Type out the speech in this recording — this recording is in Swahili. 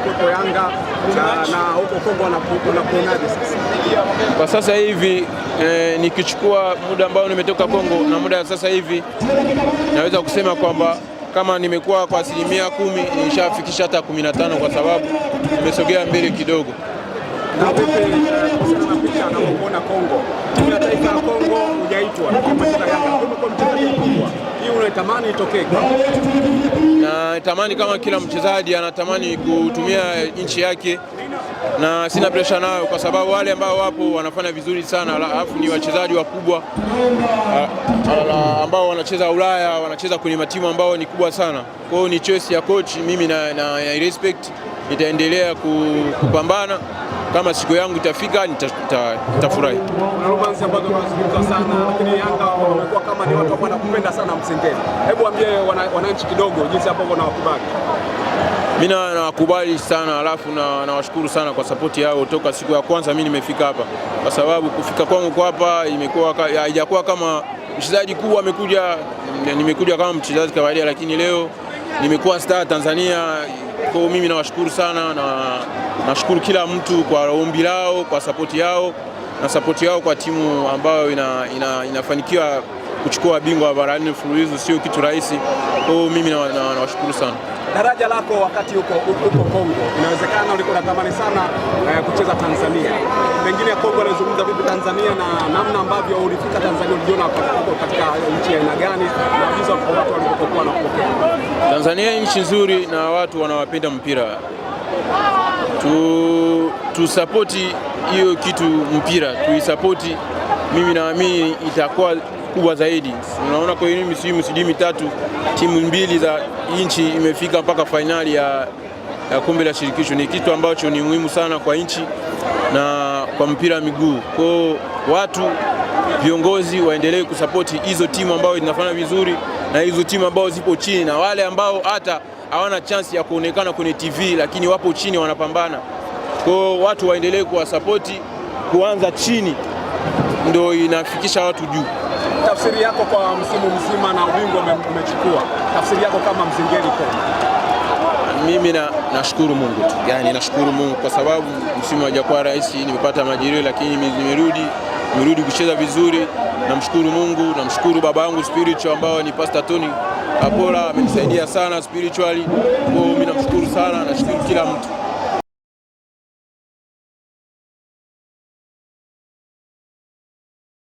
kunakuja kwa Yanga na huko Kongo wanaponaje sasa kwa sasa hivi? E, nikichukua muda ambao nimetoka Kongo na muda sasa hivi naweza kusema kwamba kama nimekuwa kwa asilimia kumi nishafikisha hata kumi na tano kwa sababu nimesogea mbele kidogo. Na wewe, uh, eh, na unatamani itokee? Na kama kila mchezaji anatamani kutumia nchi yake, na sina pressure nayo, kwa sababu wale ambao wapo wanafanya vizuri sana, alafu ni wachezaji wakubwa ambao wanacheza Ulaya, wanacheza kwenye matimu ambao ni kubwa sana. Kwa hiyo ni choice ya coach, mimi na, na, na respect, nitaendelea kupambana kama siku yangu itafika nitafurahi. Hebu ambie wananchi kidogo jinsi hapo wanawakubali. nawakubali sana, alafu na nawashukuru sana kwa sapoti yao toka siku ya kwanza mimi nimefika hapa, kwa sababu kufika kwangu kwa hapa imekuwa haijakuwa kama mchezaji kuu amekuja, nimekuja kama mchezaji kawaida, lakini leo nimekuwa star Tanzania. Kwa hiyo mimi nawashukuru sana na nashukuru kila mtu kwa ombi lao, kwa sapoti yao na sapoti yao kwa timu ambayo ina, ina, inafanikiwa kuchukua bingwa bara nne mfululizo sio kitu rahisi. Kwa hiyo mimi nawashukuru na, na sana. Daraja lako wakati huko huko Kongo, inawezekana ulikuwa unatamani sana uh, kucheza Tanzania, pengine Kongo anazungumza vipi Tanzania na namna ambavyo ulifika Tanzania, ulijiona katika nchi ya aina gani na visa kwa watu walipokuwa na kupokea? Tanzania nchi nzuri na watu wanawapenda mpira tu, tusapoti hiyo kitu mpira tuisapoti, mimi naamini itakuwa kubwa zaidi. Unaona, kwa hiyo msimu misimu mitatu timu mbili za nchi imefika mpaka fainali ya, ya kombe la shirikisho. Ni kitu ambacho ni muhimu sana kwa nchi na kwa mpira wa miguu. Kwa watu viongozi waendelee kusapoti hizo timu ambazo zinafanya vizuri na hizo timu ambazo zipo chini na wale ambao hata hawana chansi ya kuonekana kwenye TV lakini wapo chini wanapambana. Kwa watu waendelee kuwasapoti, kuanza chini ndio inafikisha watu juu tafsiri yako kwa msimu mzima na ubingwa umechukua, tafsiri yako kama Mzingeli Koma? Mimi na nashukuru Mungu tu, yani nashukuru Mungu kwa sababu msimu haujakuwa rahisi, nimepata majeruhi lakini nimerudi nimerudi kucheza vizuri. Namshukuru Mungu, namshukuru baba yangu spiritual ambao ni Pastor Tony Kapola, amenisaidia sana spiritually. Kwa hiyo mimi namshukuru sana, nashukuru kila mtu.